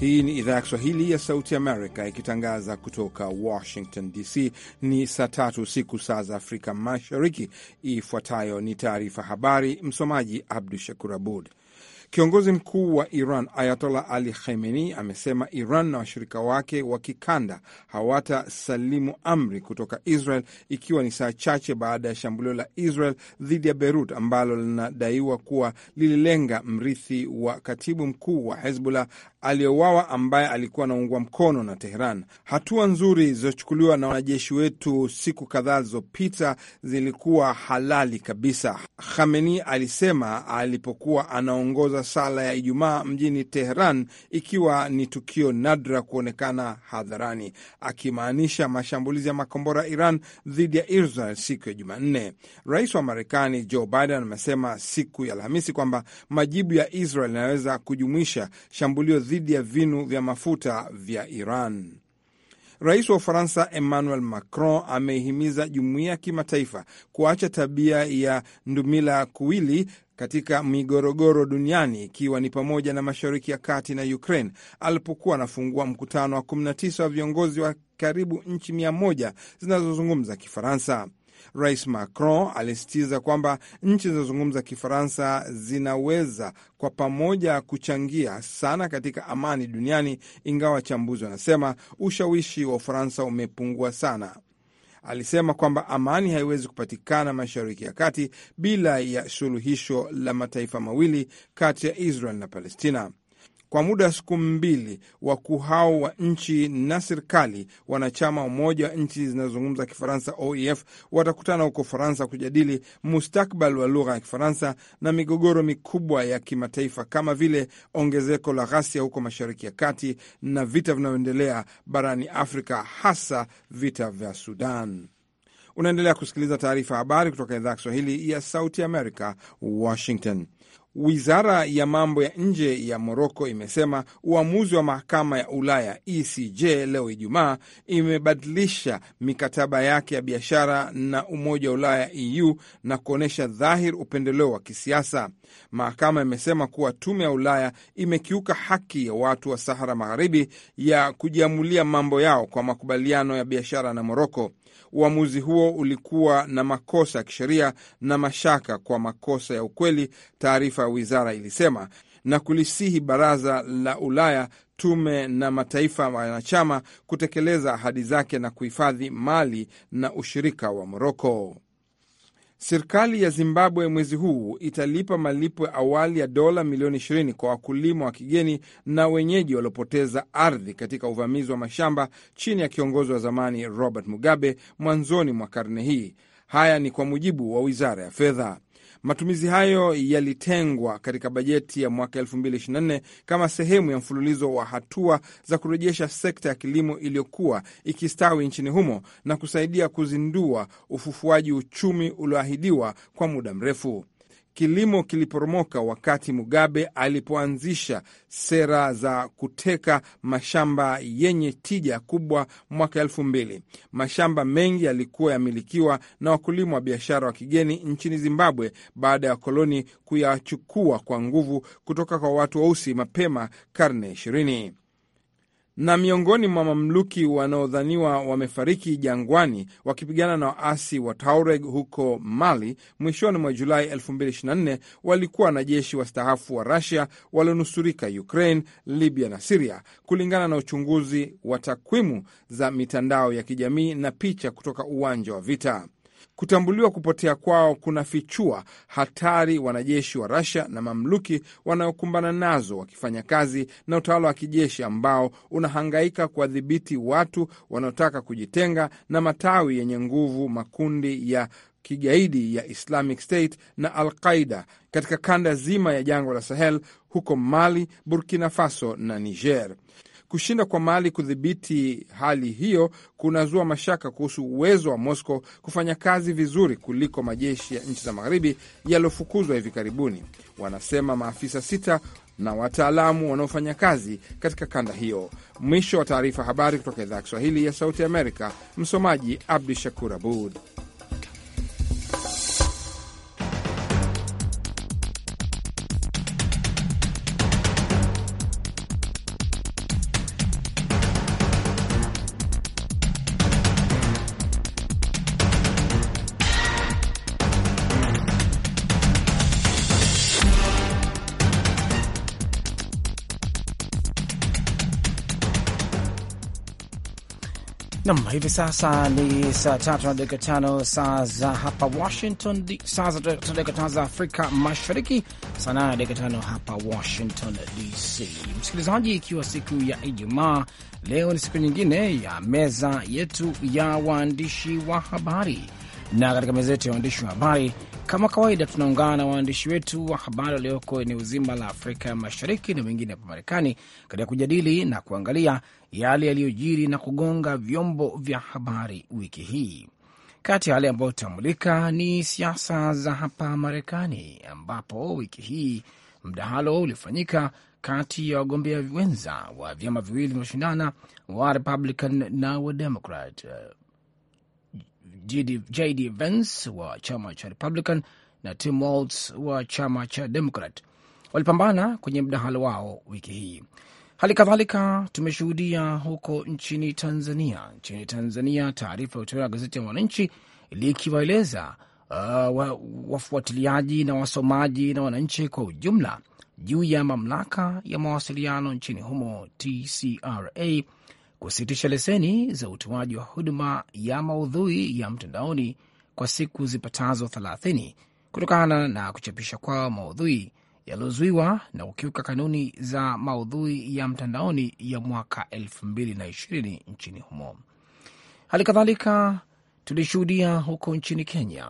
Hii ni idhaa ya Kiswahili ya Sauti Amerika ikitangaza kutoka Washington DC. Ni saa tatu usiku saa za Afrika Mashariki. Ifuatayo ni taarifa habari, msomaji Abdu Shakur Abud. Kiongozi mkuu wa Iran Ayatollah Ali Khamenei amesema Iran na washirika wake wa kikanda hawatasalimu amri kutoka Israel, ikiwa ni saa chache baada ya shambulio la Israel dhidi ya Beirut ambalo linadaiwa kuwa lililenga mrithi wa katibu mkuu wa Hezbollah aliyeuawa ambaye alikuwa anaungwa mkono na Teheran. Hatua nzuri zilizochukuliwa na wanajeshi wetu siku kadhaa zilizopita zilikuwa halali kabisa, Khamenei alisema alipokuwa anaongoza sala ya Ijumaa mjini Teheran, ikiwa ni tukio nadra kuonekana hadharani, akimaanisha mashambulizi ya makombora Iran dhidi ya Israel siku ya Jumanne. Rais wa Marekani Joe Biden amesema siku ya Alhamisi kwamba majibu ya Israel yanaweza kujumuisha shambulio dhidi ya vinu vya mafuta vya Iran. Rais wa Ufaransa Emmanuel Macron ameihimiza jumuiya ya kimataifa kuacha tabia ya ndumila kuwili katika migorogoro duniani ikiwa ni pamoja na Mashariki ya Kati na Ukraine alipokuwa anafungua mkutano wa 19 wa viongozi wa karibu nchi mia moja zinazozungumza Kifaransa. Rais Macron alisisitiza kwamba nchi zinazozungumza Kifaransa zinaweza kwa pamoja kuchangia sana katika amani duniani, ingawa wachambuzi wanasema ushawishi wa Ufaransa umepungua sana. Alisema kwamba amani haiwezi kupatikana Mashariki ya Kati bila ya suluhisho la mataifa mawili kati ya Israel na Palestina kwa muda wa siku mbili. Wakuu hao wa nchi na serikali wanachama Umoja wa Nchi Zinazozungumza Kifaransa, OEF, watakutana huko Faransa kujadili mustakbal wa lugha ya Kifaransa na migogoro mikubwa ya kimataifa kama vile ongezeko la ghasia huko Mashariki ya Kati na vita vinavyoendelea barani Afrika, hasa vita vya Sudan. Unaendelea kusikiliza taarifa ya habari kutoka idhaa ya Kiswahili ya Sauti Amerika, Washington. Wizara ya mambo ya nje ya Moroko imesema uamuzi wa mahakama ya Ulaya ECJ leo Ijumaa imebadilisha mikataba yake ya biashara na Umoja wa Ulaya EU na kuonyesha dhahiri upendeleo wa kisiasa. Mahakama imesema kuwa Tume ya Ulaya imekiuka haki ya watu wa Sahara Magharibi ya kujiamulia mambo yao kwa makubaliano ya biashara na Moroko uamuzi huo ulikuwa na makosa ya kisheria na mashaka kwa makosa ya ukweli, taarifa ya wizara ilisema, na kulisihi baraza la Ulaya, tume na mataifa wanachama kutekeleza ahadi zake na kuhifadhi mali na ushirika wa Moroko. Serikali ya Zimbabwe mwezi huu italipa malipo ya awali ya dola milioni 20 kwa wakulima wa kigeni na wenyeji waliopoteza ardhi katika uvamizi wa mashamba chini ya kiongozi wa zamani Robert Mugabe mwanzoni mwa karne hii. Haya ni kwa mujibu wa wizara ya fedha. Matumizi hayo yalitengwa katika bajeti ya mwaka 2024 kama sehemu ya mfululizo wa hatua za kurejesha sekta ya kilimo iliyokuwa ikistawi nchini humo na kusaidia kuzindua ufufuaji uchumi ulioahidiwa kwa muda mrefu kilimo kiliporomoka wakati Mugabe alipoanzisha sera za kuteka mashamba yenye tija kubwa mwaka elfu mbili. Mashamba mengi yalikuwa yamilikiwa na wakulima wa biashara wa kigeni nchini Zimbabwe baada ya wakoloni kuyachukua kwa nguvu kutoka kwa watu weusi mapema karne ishirini na miongoni mwa mamluki wanaodhaniwa wamefariki jangwani wakipigana na waasi wa taureg huko Mali mwishoni mwa Julai 2024 walikuwa wanajeshi wastaafu wa Rusia walionusurika Ukraine, Libya na Siria, kulingana na uchunguzi wa takwimu za mitandao ya kijamii na picha kutoka uwanja wa vita. Kutambuliwa kupotea kwao kunafichua hatari wanajeshi wa Russia na mamluki wanaokumbana nazo wakifanya kazi na utawala wa kijeshi ambao unahangaika kuwadhibiti watu wanaotaka kujitenga na matawi yenye nguvu makundi ya kigaidi ya Islamic State na Al-Qaida katika kanda zima ya jangwa la Sahel huko Mali, Burkina Faso na Niger. Kushindwa kwa Mali kudhibiti hali hiyo kunazua mashaka kuhusu uwezo wa Moscow kufanya kazi vizuri kuliko majeshi ya nchi za magharibi yaliyofukuzwa hivi karibuni, wanasema maafisa sita na wataalamu wanaofanya kazi katika kanda hiyo. Mwisho wa taarifa. Habari kutoka idhaa ya Kiswahili ya Sauti Amerika. Msomaji Abdu Shakur Abud. Nam, hivi sasa ni saa tatu na dakika tano saa za hapa Washington, saa za dakika tano za Afrika Mashariki, saa nane na dakika tano hapa Washington DC. Msikilizaji, ikiwa siku ya Ijumaa, leo ni siku nyingine ya meza yetu ya waandishi wa habari, na katika meza yetu ya waandishi wa habari kama kawaida, tunaungana na waandishi wetu wa habari walioko eneo zima la Afrika Mashariki na wengine hapa Marekani katika kujadili na kuangalia yale yaliyojiri na kugonga vyombo vya habari wiki hii. Kati ya yale ambayo tutamulika ni siasa za hapa Marekani, ambapo wiki hii mdahalo ulifanyika kati ya wagombea wenza wa vyama viwili vinaoshindana wa Republican na wa Democrat JD Vance wa chama cha Republican na Tim Walz wa chama cha Democrat walipambana kwenye mdahalo wao wiki hii. Hali kadhalika tumeshuhudia huko nchini Tanzania. Nchini Tanzania, taarifa kutolewa gazeti ya Mwananchi likiwaeleza uh, wafuatiliaji na wasomaji na wananchi kwa ujumla juu ya mamlaka ya mawasiliano nchini humo TCRA kusitisha leseni za utoaji wa huduma ya maudhui ya mtandaoni kwa siku zipatazo 30 kutokana na kuchapisha kwao maudhui yaliyozuiwa na kukiuka kanuni za maudhui ya mtandaoni ya mwaka ishirini nchini humo. Hali kadhalika tulishuhudia huko nchini Kenya,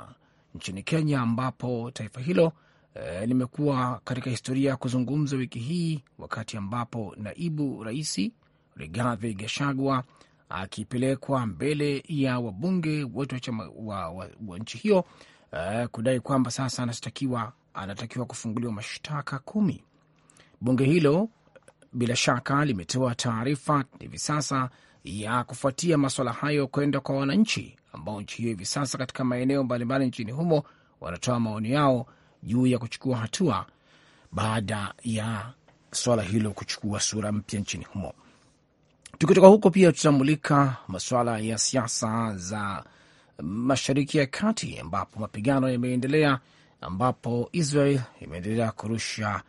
nchini Kenya ambapo taifa hilo e, limekuwa katika historia ya kuzungumza wiki hii, wakati ambapo naibu raisi Rigathi Gachagua akipelekwa mbele ya wabunge wote wa wa, wa, wa nchi hiyo uh, kudai kwamba sasa anashtakiwa anatakiwa kufunguliwa mashtaka kumi. Bunge hilo bila shaka limetoa taarifa hivi sasa ya kufuatia maswala hayo kwenda kwa wananchi ambao nchi hiyo hivi sasa katika maeneo mbalimbali nchini humo wanatoa maoni yao juu ya kuchukua hatua baada ya swala hilo kuchukua sura mpya nchini humo. Tukitoka huko pia tutamulika masuala ya siasa za Mashariki ya Kati ambapo mapigano yameendelea, ambapo Israel imeendelea kurusha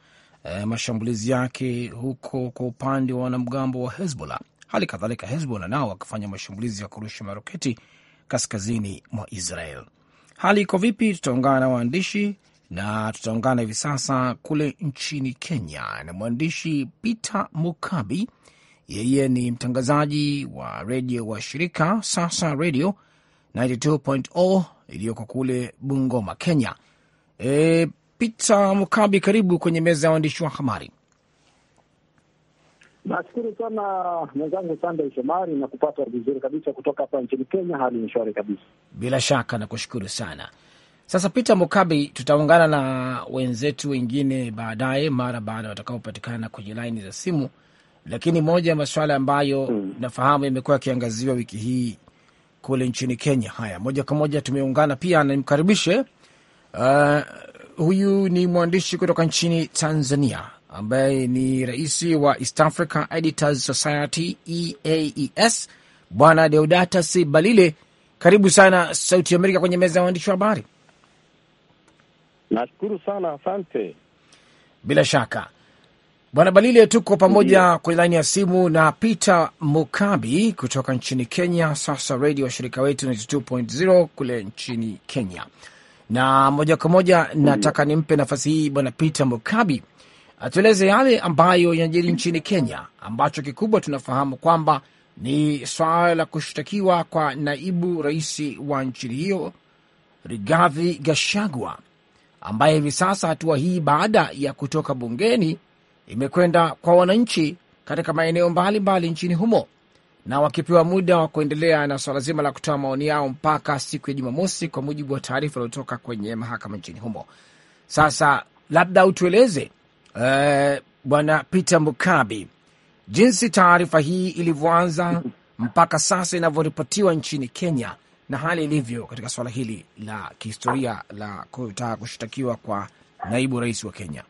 eh, mashambulizi yake huko kwa upande wa wanamgambo wa Hezbollah. Hali kadhalika Hezbollah nao wakifanya mashambulizi ya kurusha maroketi kaskazini mwa Israel. Hali iko vipi? Tutaungana na waandishi na tutaungana hivi sasa kule nchini Kenya na mwandishi Peter Mukabi yeye ni mtangazaji wa redio wa shirika Sasa Radio 92.0 iliyoko kule Bungoma, Kenya. E, Peter Mukabi, karibu kwenye meza ya waandishi wa habari. Nashukuru sana mwenzangu Sandey Shomari na kupata vizuri kabisa kutoka hapa nchini Kenya. Hali ni shwari kabisa, bila shaka nakushukuru sana. Sasa Peter Mukabi, tutaungana na wenzetu wengine baadaye mara baada watakaopatikana kwenye laini za simu lakini moja ya masuala ambayo mm, nafahamu yamekuwa yakiangaziwa wiki hii kule nchini Kenya. Haya, moja kwa moja tumeungana pia, nimkaribishe uh, huyu ni mwandishi kutoka nchini Tanzania ambaye ni rais wa East Africa Editors Society EAES, Bwana Deodatus Balile, karibu sana Sauti Amerika kwenye meza ya waandishi wa habari. Nashukuru sana, asante. Bila shaka Bwana Balile, tuko pamoja mm -hmm. kwenye laini ya simu na Peter Mukabi kutoka nchini Kenya, sasa redio washirika wetu 92.0 kule nchini Kenya. Na moja kwa moja mm -hmm. nataka nimpe nafasi hii Bwana Peter Mukabi atueleze yale ambayo yanajiri nchini Kenya, ambacho kikubwa tunafahamu kwamba ni swala la kushtakiwa kwa naibu rais wa nchi hiyo Rigathi gashagwa ambaye hivi sasa, hatua hii baada ya kutoka bungeni imekwenda kwa wananchi katika maeneo mbalimbali nchini humo, na wakipewa muda wa kuendelea na swala zima la kutoa maoni yao mpaka siku ya Jumamosi, kwa mujibu wa taarifa iliyotoka kwenye mahakama nchini humo. Sasa labda utueleze eh, Bwana Peter Mukabi, jinsi taarifa hii ilivyoanza mpaka sasa inavyoripotiwa nchini Kenya na hali ilivyo katika suala hili la kihistoria la kutaka kushtakiwa kwa naibu rais wa Kenya.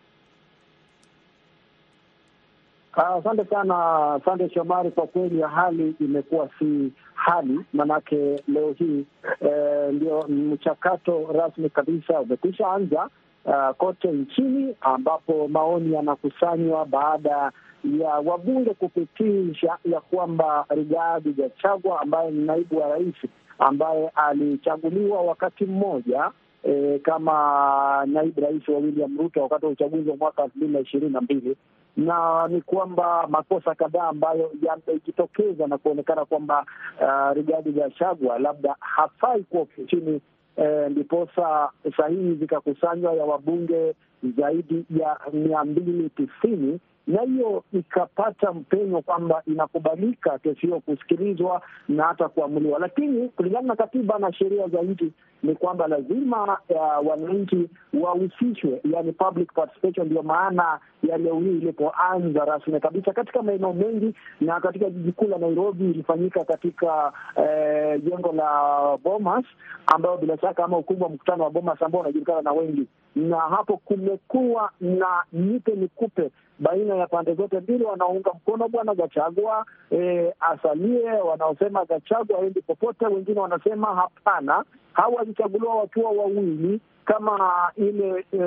Ah, asante uh, sana Sande Shomari, kwa kweli hali imekuwa si hali, manake leo hii eh, ndio mchakato rasmi kabisa umekwisha anza uh, kote nchini ambapo maoni yanakusanywa baada ya wabunge kupitisha ya kwamba Rigathi Gachagua ambaye ni naibu wa rais ambaye alichaguliwa wakati mmoja E, kama naibu rais wa William Ruto wakati wa uchaguzi wa mwaka elfu mbili na ishirini na mbili na ni kwamba makosa kadhaa ambayo yamejitokeza na kuonekana kwamba uh, Rigathi Gachagua labda hafai kuwa ofisini eh, ndiposa sahihi zikakusanywa ya wabunge zaidi ya mia mbili tisini na hiyo ikapata mpenyo kwamba inakubalika kesi hiyo kusikilizwa na hata kuamuliwa. Lakini kulingana na katiba na sheria za nchi ni kwamba lazima uh, wananchi wahusishwe, yani public participation. Ndio maana ya leo hii ilipoanza rasmi kabisa katika maeneo mengi, na katika jiji kuu la Nairobi ilifanyika katika eh, jengo eh, la Bomas, ambayo bila shaka ama ukumbi wa mkutano wa Bomas ambao unajulikana na wengi na hapo kumekuwa na nipe nikupe baina ya pande zote mbili, wanaounga mkono bwana Gachagua e, asalie, wanaosema Gachagua aendi popote, wengine wanasema hapana, hawa walichaguliwa wakiwa wawili kama ile e,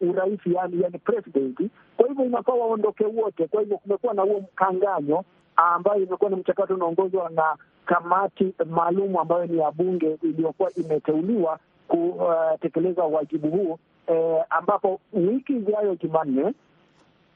urais yani, yani president. Kwa hivyo inafaa waondoke wote. Kwa hivyo kumekuwa na huo mkanganyo ambayo imekuwa ni mchakato unaongozwa na kamati maalum ambayo ni ya bunge iliyokuwa imeteuliwa kutekeleza uh, wajibu huo eh, ambapo wiki ijayo Jumanne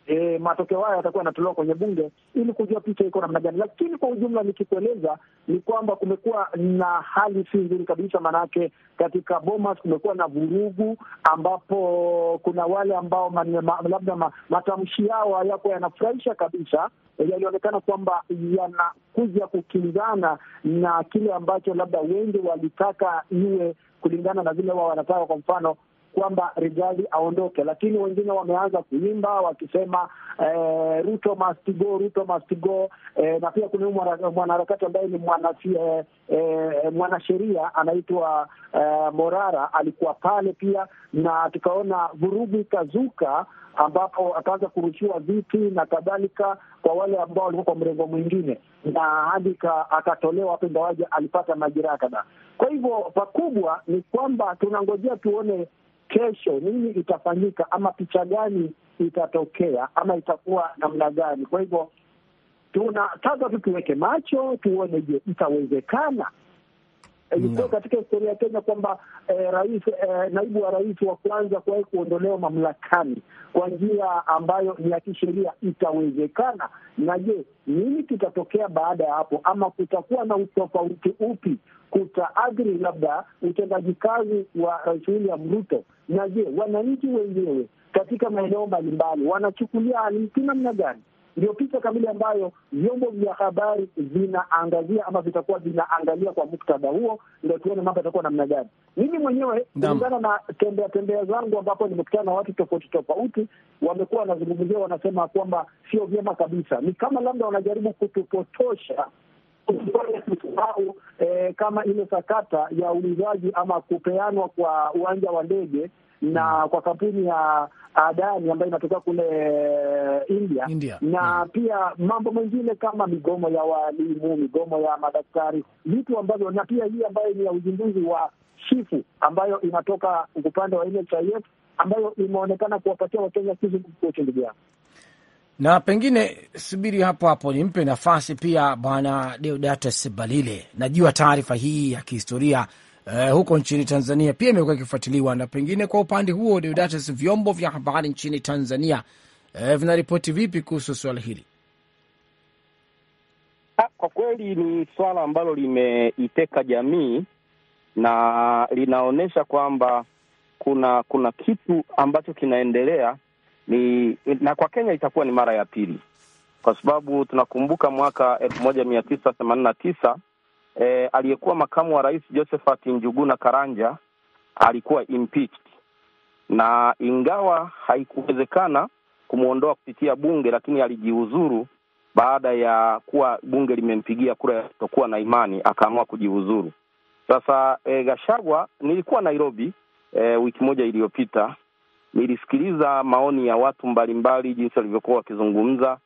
eh, matokeo hayo yatakuwa yanatolewa kwenye bunge ili kujua picha iko namna gani, lakini kwa ujumla nikikueleza ni kwamba kumekuwa na hali si nzuri kabisa, maanake katika Bomas kumekuwa na vurugu, ambapo kuna wale ambao ma, labda ma, matamshi yao hayako yanafurahisha kabisa yalionekana kwamba yanakuja kukinzana na kile ambacho labda wengi walitaka iwe kulingana na vile wao wanataka. Kwa mfano, kwamba Rigathi aondoke, lakini wengine wameanza kuimba wakisema eh, Ruto must go, Ruto must go eh, na pia kuna huyu mwanaharakati ambaye ni mwana eh, eh, mwanasheria anaitwa eh, Morara alikuwa pale pia, na tukaona vurugu ikazuka ambapo akaanza kurushiwa viti na kadhalika kwa wale ambao walikuwa kwa mrengo mwingine, na hadi akatolewa hapo, ingawaje alipata majeraha kadhaa. Kwa hivyo pakubwa ni kwamba tunangojea tuone kesho nini itafanyika, ama picha gani itatokea, ama itakuwa namna gani. Kwa hivyo tunataka tu tuweke macho tuone, je, itawezekana Eh, ilikuwa no. katika historia ya Kenya kwamba eh, rais eh, naibu wa rais wa kwanza kuwahi kuondolewa mamlakani kwa njia ambayo ni ya kisheria itawezekana. Na je, nini kitatokea baada ya hapo, ama kutakuwa na utofauti upi kutaathiri labda utendaji kazi wa rais William Ruto? Na je, wananchi wenyewe katika maeneo mbalimbali wanachukulia hali hii namna gani? Ndio picha kamili ambayo vyombo vya habari vinaangazia ama vitakuwa vinaangalia kwa muktadha huo, ndio tuone mambo yatakuwa namna gani. Mimi mwenyewe kulingana na tembea tembea zangu, ambapo nimekutana na watu tofauti tofauti, wamekuwa wanazungumzia, wanasema kwamba sio vyema kabisa, ni kama labda wanajaribu kutupotosha au e, kama ile sakata ya ulizaji ama kupeanwa kwa uwanja wa ndege na mm-hmm. kwa kampuni ya Adani ambayo inatokea kule eh, India, India. Na yeah. Mm-hmm. Pia mambo mengine kama migomo ya walimu, migomo ya madaktari, vitu ambavyo na pia hii ambayo ni ya uzinduzi wa shifu ambayo inatoka upande wa NHIF ambayo imeonekana kuwapatia Wakenya kizukuchundugu na pengine subiri hapo hapo, nimpe nafasi pia Bwana Deodatus Balile. Najua taarifa hii ya kihistoria Eh, huko nchini Tanzania pia imekuwa ikifuatiliwa, na pengine kwa upande huo, Deodatus, vyombo vya habari nchini Tanzania uh, vinaripoti vipi kuhusu suala hili? Ha, ah, kwa kweli ni swala ambalo limeiteka jamii na linaonyesha kwamba kuna kuna kitu ambacho kinaendelea ni, na kwa Kenya itakuwa ni mara ya pili, kwa sababu tunakumbuka mwaka elfu moja mia tisa themanini na tisa eh, aliyekuwa makamu wa rais Josephat Njuguna Karanja alikuwa impeached, na ingawa haikuwezekana kumwondoa kupitia bunge, lakini alijiuzuru baada ya kuwa bunge limempigia kura ya kutokuwa na imani, akaamua kujiuzuru. Sasa e, Gashagwa, nilikuwa Nairobi e, wiki moja iliyopita nilisikiliza maoni ya watu mbalimbali jinsi walivyokuwa wakizungumza,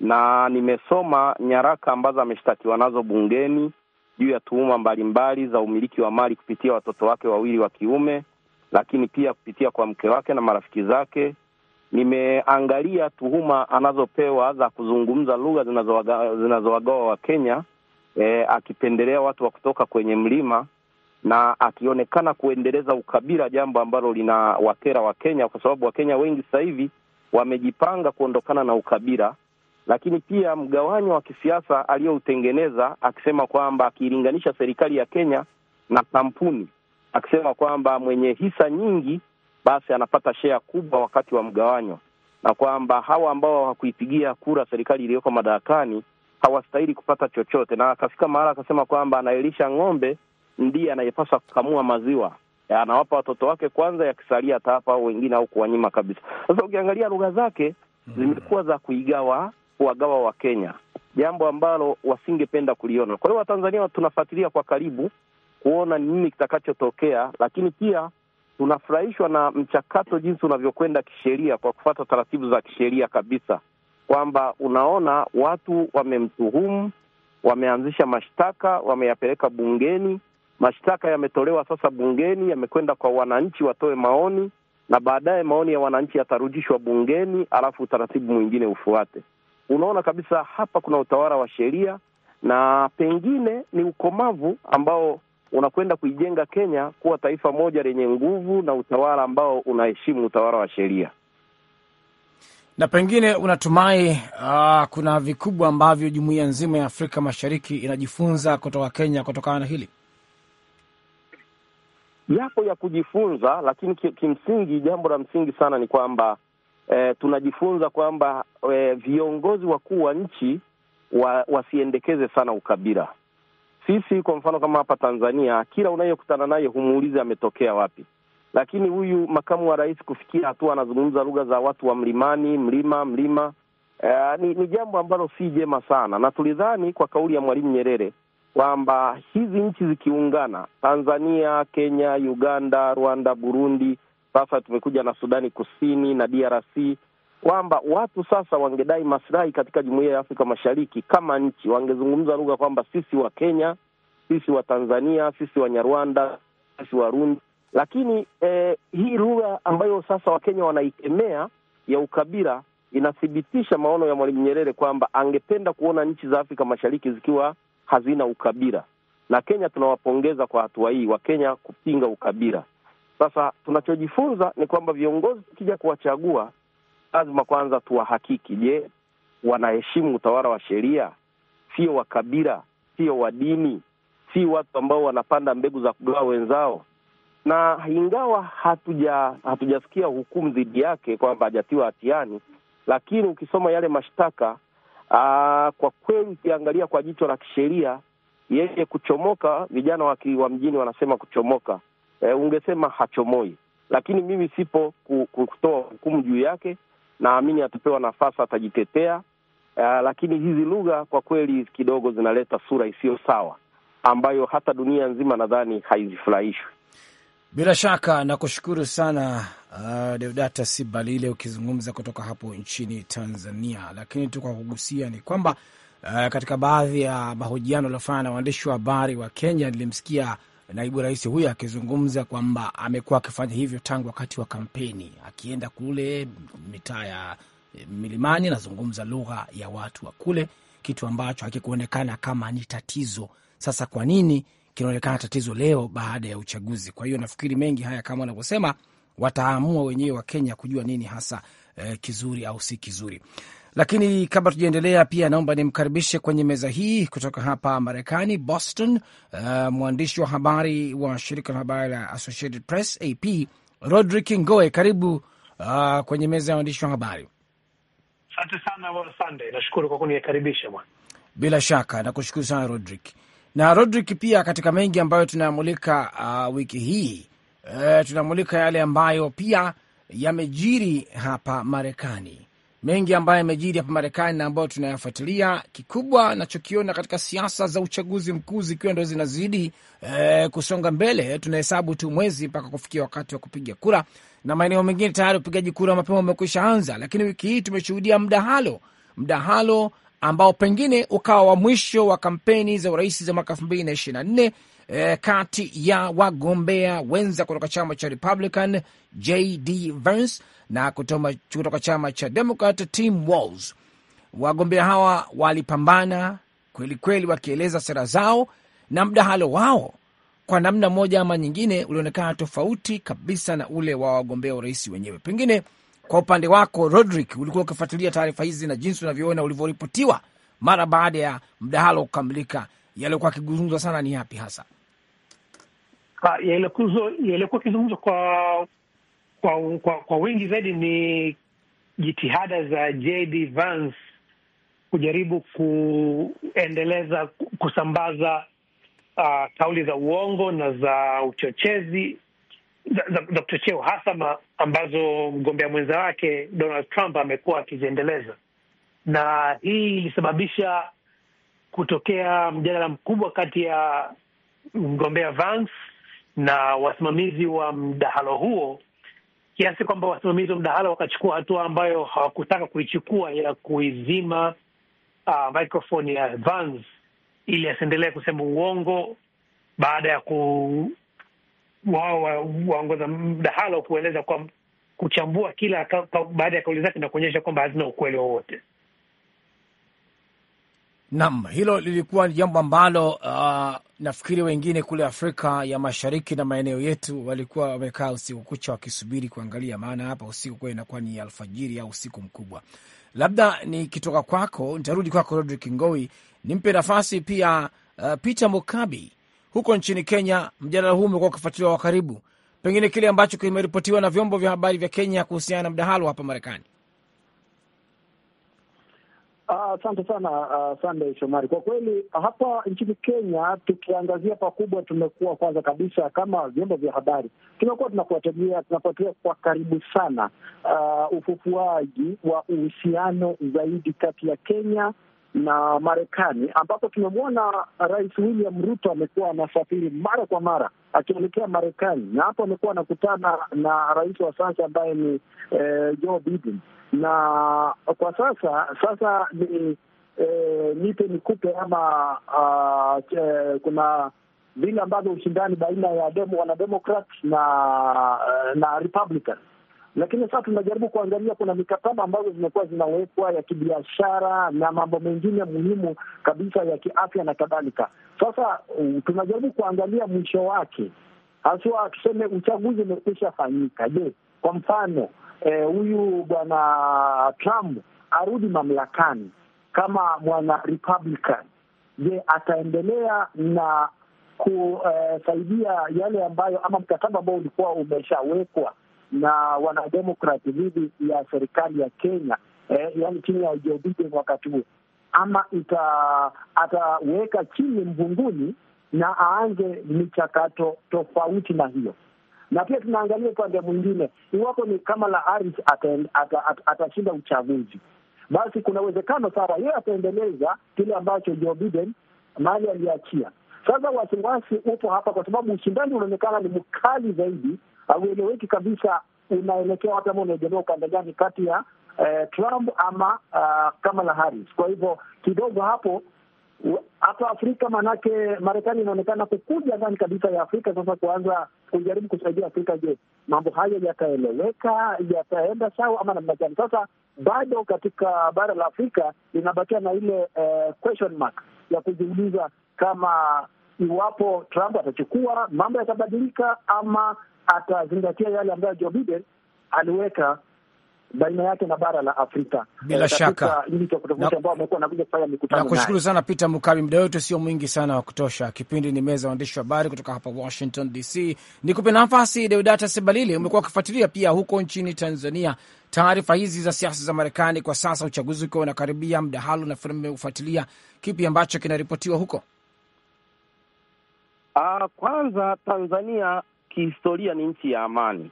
na nimesoma nyaraka ambazo ameshtakiwa nazo bungeni juu ya tuhuma mbalimbali za umiliki wa mali kupitia watoto wake wawili wa kiume, lakini pia kupitia kwa mke wake na marafiki zake. Nimeangalia tuhuma anazopewa za kuzungumza lugha zinazowagawa Wakenya, e, akipendelea watu wa kutoka kwenye mlima na akionekana kuendeleza ukabila, jambo ambalo lina wakera Wakenya kwa sababu Wakenya wengi sasa hivi wamejipanga kuondokana na ukabila lakini pia mgawanyo wa kisiasa aliyoutengeneza, akisema kwamba akiilinganisha serikali ya Kenya na kampuni, akisema kwamba mwenye hisa nyingi basi anapata shea kubwa wakati wa mgawanyo, na kwamba hawa ambao hawakuipigia kura serikali iliyoko madarakani hawastahili kupata chochote, na akafika mahala akasema kwamba anaelisha ng'ombe ndiye anayepaswa kukamua maziwa anawapa watoto wake kwanza, yakisalia atawapa wengine au kuwanyima kabisa. Sasa ukiangalia lugha zake zimekuwa za kuigawa kuwagawa Wakenya, jambo ambalo wasingependa kuliona. Kwa hiyo Watanzania tunafuatilia kwa karibu kuona nini kitakachotokea, lakini pia tunafurahishwa na mchakato jinsi unavyokwenda kisheria kwa kufuata taratibu za kisheria kabisa, kwamba unaona watu wamemtuhumu, wameanzisha mashtaka, wameyapeleka bungeni, mashtaka yametolewa sasa bungeni, yamekwenda kwa wananchi watoe maoni, na baadaye maoni ya wananchi yatarudishwa bungeni, alafu utaratibu mwingine ufuate unaona kabisa hapa kuna utawala wa sheria na pengine ni ukomavu ambao unakwenda kuijenga Kenya kuwa taifa moja lenye nguvu na utawala ambao unaheshimu utawala wa sheria. Na pengine unatumai, uh, kuna vikubwa ambavyo jumuiya nzima ya Afrika Mashariki inajifunza kutoka Kenya kutokana na hili. Yapo ya kujifunza, lakini kimsingi, jambo la msingi sana ni kwamba e, tunajifunza kwamba e, viongozi wakuu wa nchi wa, wasiendekeze sana ukabila. Sisi kwa mfano kama hapa Tanzania, kila unayekutana naye humuulize ametokea wapi, lakini huyu makamu wa rais kufikia hatua anazungumza lugha za watu wa mlimani, mlima mlima. e, ni, ni jambo ambalo si jema sana, na tulidhani kwa kauli ya Mwalimu Nyerere kwamba hizi nchi zikiungana, Tanzania, Kenya, Uganda, Rwanda, Burundi sasa tumekuja na Sudani Kusini na DRC, kwamba watu sasa wangedai masilahi katika jumuiya ya Afrika Mashariki kama nchi, wangezungumza lugha kwamba sisi wa Kenya, sisi wa Tanzania, sisi wa Nyarwanda, sisi Warundi. Lakini eh, hii lugha ambayo sasa Wakenya wanaikemea ya ukabila inathibitisha maono ya Mwalimu Nyerere kwamba angependa kuona nchi za Afrika Mashariki zikiwa hazina ukabila, na Kenya tunawapongeza kwa hatua hii Wakenya kupinga ukabila. Sasa tunachojifunza ni kwamba viongozi tukija kuwachagua, lazima kwanza tuwahakiki. Je, wanaheshimu utawala wa sheria? Sio wa kabila, sio wa dini, si watu ambao wanapanda mbegu za kugawa wenzao. Na ingawa hatuja hatujasikia hukumu dhidi yake kwamba hajatiwa hatiani, lakini ukisoma yale mashtaka aa, kwa kweli ukiangalia kwa jicho la kisheria, yeye kuchomoka, vijana wa mjini wanasema kuchomoka e, ungesema hachomoi, lakini mimi sipo kutoa hukumu juu yake. Naamini atapewa nafasi, atajitetea. Uh, lakini hizi lugha kwa kweli kidogo zinaleta sura isiyo sawa ambayo hata dunia nzima nadhani haizifurahishwi. Bila shaka nakushukuru sana uh, Deodata Sibalile ukizungumza kutoka hapo nchini Tanzania. Lakini tu kwa kugusia ni kwamba uh, katika baadhi ya mahojiano aliofanya na waandishi wa habari wa Kenya nilimsikia naibu rais huyo akizungumza kwamba amekuwa akifanya hivyo tangu wakati wa kampeni, akienda kule mitaa ya eh, milimani, anazungumza lugha ya watu wa kule, kitu ambacho hakikuonekana kama ni tatizo. Sasa kwa nini kinaonekana tatizo leo baada ya uchaguzi? Kwa hiyo nafikiri mengi haya kama wanavyosema wataamua wenyewe wa Kenya kujua nini hasa eh, kizuri au si kizuri. Lakini kabla tujaendelea, pia naomba nimkaribishe kwenye meza hii kutoka hapa Marekani, Boston, uh, mwandishi wa habari wa shirika la habari la Associated Press AP, Rodrick Ngoe. Karibu uh, kwenye meza ya waandishi wa habari. Asante sana Sunday, nashukuru kwa kunikaribisha bwana. Bila shaka nakushukuru sana Rodrick. Na Rodrick, pia katika mengi ambayo tunayamulika uh, wiki hii uh, tunamulika yale ambayo pia yamejiri hapa Marekani mengi ambayo yamejiri hapa Marekani na ambayo tunayafuatilia. Kikubwa nachokiona katika siasa za uchaguzi mkuu zikiwa ndo zinazidi e, kusonga mbele, tunahesabu tu mwezi mpaka kufikia wakati wa kupiga kura, na maeneo mengine tayari upigaji kura mapema umekwisha anza. Lakini wiki hii tumeshuhudia mdahalo, mdahalo ambao pengine ukawa wa mwisho wa kampeni za urais za mwaka elfu mbili na ishirini na nne e, kati ya wagombea wenza kutoka chama cha Republican JD Vance na kutoka chama cha Democrat Tim Walz. Wagombea hawa walipambana kweli kweli, wakieleza sera zao na mdahalo wao kwa namna moja ama nyingine ulionekana tofauti kabisa na ule wa wagombea urais wenyewe. Pengine kwa upande wako Rodrick, ulikuwa ukifuatilia taarifa hizi na jinsi unavyoona ulivyoripotiwa mara baada ya mdahalo kukamilika, yaliyokuwa akizungumzwa sana ni yapi hasa? Ah, yaliyokuwa kizungumzo kwa kwa, kwa kwa wengi zaidi ni jitihada za JD Vance kujaribu kuendeleza kusambaza uh, kauli za uongo na za uchochezi za, za, za kuchochea uhasama ambazo mgombea mwenza wake Donald Trump amekuwa akiziendeleza, na hii ilisababisha kutokea mjadala mkubwa kati ya mgombea Vance na wasimamizi wa mdahalo huo kiasi kwamba wasimamizi wa mdahalo wakachukua hatua ambayo hawakutaka kuichukua ya kuizima uh, mikrofoni ya Vance ili asiendelee kusema uongo baada ya ku wao waongoza mdahalo kueleza kwa kuchambua kila baada ya kauli zake na kuonyesha kwamba hazina ukweli wowote. Naam, hilo lilikuwa ni jambo ambalo uh, nafikiri wengine kule Afrika ya Mashariki na maeneo yetu walikuwa wamekaa usiku kucha wakisubiri kuangalia, maana hapa usiku kwa inakuwa ni alfajiri au usiku mkubwa. Labda nikitoka kwako nitarudi kwako Rodrick Ngowi, nimpe nafasi pia uh, Peter Mukabi huko nchini Kenya. Mjadala huu umekuwa ukifuatiliwa kwa karibu, pengine kile ambacho kimeripotiwa na vyombo vya habari vya Kenya kuhusiana na mdahalo hapa Marekani. Ah, asante uh, sana uh, Sunday Shomari. Kwa kweli hapa nchini Kenya tukiangazia pakubwa, tumekuwa kwanza kabisa kama vyombo vya habari tumekuwa tunafuatilia tunafuatilia kwa karibu sana uh, ufufuaji wa uhusiano zaidi kati ya Kenya na Marekani, ambapo tumemwona Rais William Ruto amekuwa anasafiri mara kwa mara akielekea Marekani, na hapo amekuwa anakutana na rais wa sasa ambaye ni eh, Joe Biden, na kwa sasa sasa ni eh, nipe nikupe ama uh, kuna vile ambavyo ushindani baina ya wanademokrat na, eh, na Republican lakini sasa tunajaribu kuangalia, kuna mikataba ambazo zimekuwa zinawekwa ya kibiashara na mambo mengine muhimu kabisa ya kiafya na kadhalika. Sasa uh, tunajaribu kuangalia mwisho wake, haswa tuseme uchaguzi umekwisha fanyika. Je, kwa mfano eh, huyu eh, bwana Trump arudi mamlakani kama mwana Republican, je, ataendelea na kusaidia eh, yale ambayo ama mkataba ambao ulikuwa umeshawekwa na wanademokrat dhidi ya serikali ya Kenya eh, yani chini ya Joe Biden wakati huo, ama ita, ataweka chini mvunguni na aanze michakato tofauti na hiyo na pia tunaangalia upande mwingine, iwapo ni Kamala Harris atashinda ata, ata, ata uchaguzi, basi kuna uwezekano sawa, yeye ataendeleza kile ambacho Joe Biden mali aliachia. Sasa wasiwasi upo hapa, kwa sababu ushindani unaonekana ni mkali zaidi haueleweki kabisa unaelekea watu ama unaegemea upande gani kati ya eh, Trump ama uh, Kamala Harris. Kwa hivyo kidogo hapo hapa Afrika manake Marekani inaonekana kukuja ndani kabisa ya Afrika sasa kuanza kujaribu kusaidia Afrika. Je, mambo hayo yataeleweka, yataenda sawa ama namna gani? Sasa bado katika bara la Afrika linabakia na ile eh, question mark ya kujiuliza kama iwapo Trump atachukua mambo yatabadilika ama atazingatia yale ambayo Joe Biden aliweka baina yake na bara la Afrika. Bila e, shaka na kushukuru sana Peter Mukabi. Muda wetu sio mwingi sana wa kutosha. Kipindi ni meza waandishi wa habari kutoka hapa Washington DC. Nikupe nafasi Deodata Sebalili, umekuwa ukifuatilia pia huko nchini Tanzania taarifa hizi za siasa za Marekani kwa sasa, uchaguzi ukiwa unakaribia, mdahalo na filamu umeufuatilia, kipi ambacho kinaripotiwa huko? Uh, kwanza Tanzania kihistoria ni nchi ya amani,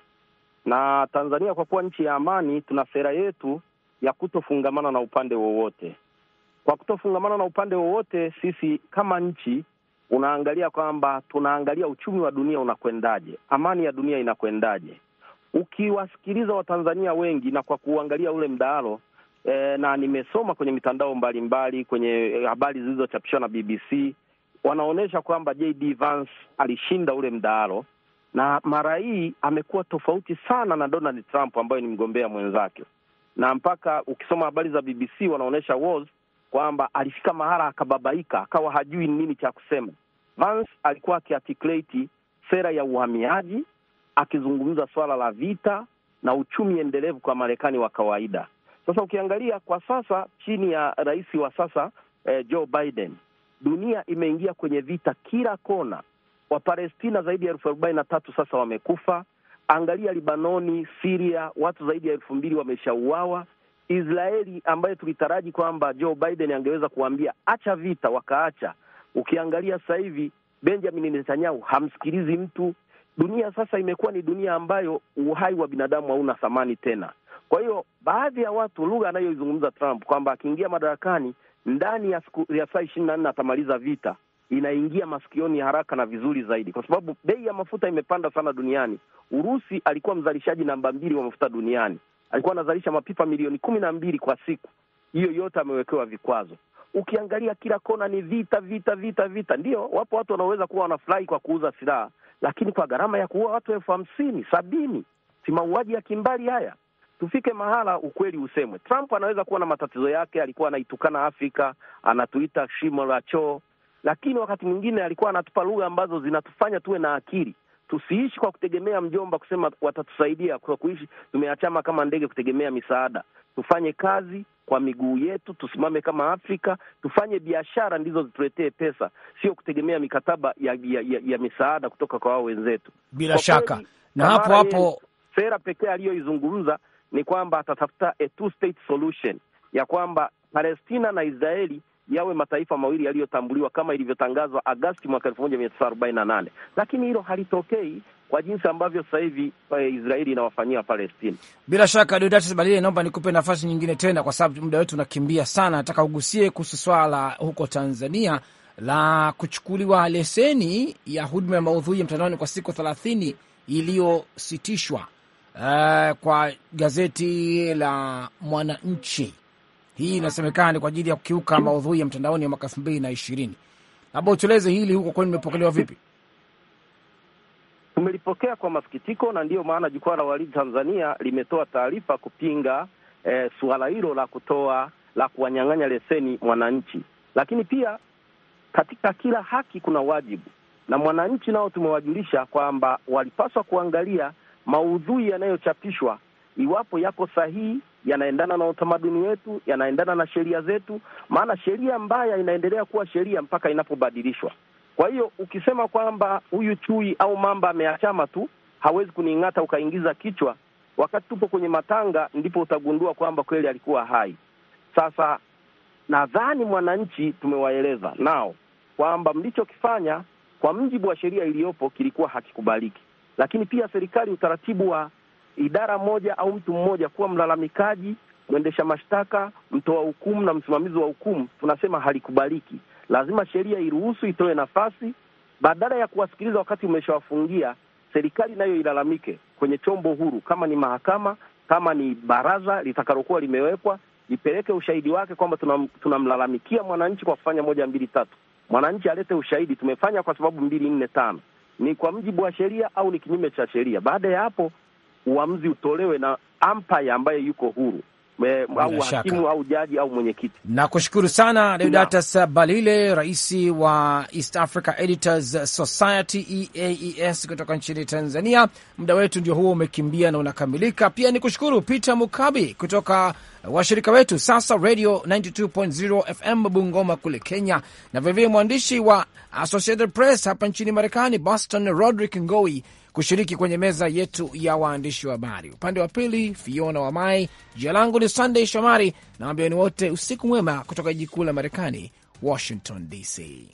na Tanzania kwa kuwa nchi ya amani, tuna sera yetu ya kutofungamana na upande wowote. Kwa kutofungamana na upande wowote, sisi kama nchi, unaangalia kwamba tunaangalia uchumi wa dunia unakwendaje, amani ya dunia inakwendaje. Ukiwasikiliza Watanzania wengi na kwa kuangalia ule mdahalo e, na nimesoma kwenye mitandao mbalimbali mbali, kwenye eh, habari zilizochapishwa na BBC wanaonyesha kwamba JD Vance alishinda ule mdahalo na mara hii amekuwa tofauti sana na Donald Trump ambaye ni mgombea mwenzake, na mpaka ukisoma habari za BBC wanaonyesha kwamba alifika mahala akababaika, akawa hajui nini cha kusema. Vance alikuwa akiarticulate sera ya uhamiaji, akizungumza swala la vita na uchumi endelevu kwa Marekani wa kawaida. Sasa ukiangalia kwa sasa chini ya rais wa sasa eh, Joe Biden, dunia imeingia kwenye vita kila kona. Wapalestina zaidi ya elfu arobaini na tatu sasa wamekufa. Angalia Libanoni, Siria, watu zaidi ya elfu mbili wameshauawa. Israeli ambayo tulitaraji kwamba Joe Biden angeweza kuambia acha vita, wakaacha. Ukiangalia sasa hivi Benjamin Netanyahu hamsikilizi mtu. Dunia sasa imekuwa ni dunia ambayo uhai wa binadamu hauna thamani tena. Kwa hiyo baadhi ya watu, lugha anayoizungumza Trump kwamba akiingia madarakani ndani ya siku ya saa ishirini na nne atamaliza vita, inaingia masikioni haraka na vizuri zaidi, kwa sababu bei ya mafuta imepanda sana duniani. Urusi alikuwa mzalishaji namba mbili wa mafuta duniani, alikuwa anazalisha mapipa milioni kumi na mbili kwa siku. Hiyo yote amewekewa vikwazo. Ukiangalia kila kona ni vita, vita, vita, vita. Ndio wapo watu wanaoweza kuwa wanafurahi kwa kuuza silaha, lakini kwa gharama ya kuua watu elfu hamsini sabini, si mauaji ya kimbali haya? Tufike mahala ukweli usemwe. Trump anaweza kuwa na matatizo yake, alikuwa anaitukana Afrika, anatuita shimo la choo lakini wakati mwingine alikuwa anatupa lugha ambazo zinatufanya tuwe na akili tusiishi kwa kutegemea mjomba kusema watatusaidia. Kwa kuishi tumeachama kama ndege kutegemea misaada, tufanye kazi kwa miguu yetu, tusimame kama Afrika, tufanye biashara, ndizo zituletee pesa, sio kutegemea mikataba ya, ya, ya, ya misaada kutoka kwa wao wenzetu. Bila kwa shaka kweli, na hapo hapo sera pekee aliyoizungumza ni kwamba atatafuta a two state solution ya kwamba Palestina na Israeli yawe mataifa mawili yaliyotambuliwa kama ilivyotangazwa Agasti mwaka elfu moja mia tisa arobaini na nane lakini hilo halitokei kwa jinsi ambavyo sasa hivi eh, Israeli inawafanyia Palestina. Bila shaka, Deodatus Balile, naomba nikupe nafasi nyingine tena, kwa sababu muda wetu unakimbia sana. Nataka ugusie kuhusu swala huko Tanzania la kuchukuliwa leseni ya huduma ya maudhui ya mtandaoni kwa siku thelathini iliyositishwa uh, kwa gazeti la Mwananchi hii inasemekana ni kwa ajili ya kukiuka maudhui ya mtandaoni ya mwaka elfu mbili na ishirini. Labda utueleze hili huko kwenu limepokelewa vipi? Tumelipokea kwa masikitiko, na ndiyo maana jukwaa la wahariri Tanzania limetoa taarifa kupinga eh, suala hilo la kutoa la kuwanyang'anya leseni mwananchi, lakini pia katika kila haki kuna wajibu, na mwananchi nao tumewajulisha kwamba walipaswa kuangalia maudhui yanayochapishwa iwapo yako sahihi, yanaendana na utamaduni wetu, yanaendana na sheria zetu, maana sheria mbaya inaendelea kuwa sheria mpaka inapobadilishwa. Kwa hiyo ukisema kwamba huyu chui au mamba ameachama tu hawezi kuning'ata, ukaingiza kichwa wakati tupo kwenye matanga, ndipo utagundua kwamba kweli alikuwa hai. Sasa nadhani mwananchi tumewaeleza nao kwamba mlichokifanya kwa mjibu wa sheria iliyopo kilikuwa hakikubaliki, lakini pia serikali utaratibu wa idara moja au mtu mmoja kuwa mlalamikaji, mwendesha mashtaka, mtoa hukumu na msimamizi wa hukumu, tunasema halikubaliki. Lazima sheria iruhusu, itoe nafasi, badala ya kuwasikiliza wakati umeshawafungia. Serikali nayo ilalamike kwenye chombo huru, kama ni mahakama, kama ni baraza litakalokuwa limewekwa, lipeleke ushahidi wake kwamba tunamlalamikia tuna mwananchi kwa kufanya moja, mbili, tatu. Mwananchi alete ushahidi, tumefanya kwa sababu mbili, nne, tano, ni kwa mjibu wa sheria au ni kinyume cha sheria. Baada ya hapo uamuzi utolewe na umpire ambaye yuko huru Me, au hakimu au jaji au mwenyekiti. Nakushukuru sana Deodatus Balile, rais wa East Africa Editors Society EAES kutoka nchini Tanzania. Muda wetu ndio huo umekimbia na unakamilika. Pia ni kushukuru Peter Mukabi kutoka washirika wetu sasa Radio 92.0 FM Bungoma kule Kenya, na vilevile mwandishi wa Associated Press hapa nchini Marekani Boston Roderick Ngowi kushiriki kwenye meza yetu ya waandishi wa habari. Upande wa pili Fiona Wamai. Jina langu ni Sunday Shomari na wambiani wote usiku mwema kutoka jiji kuu la Marekani, Washington DC.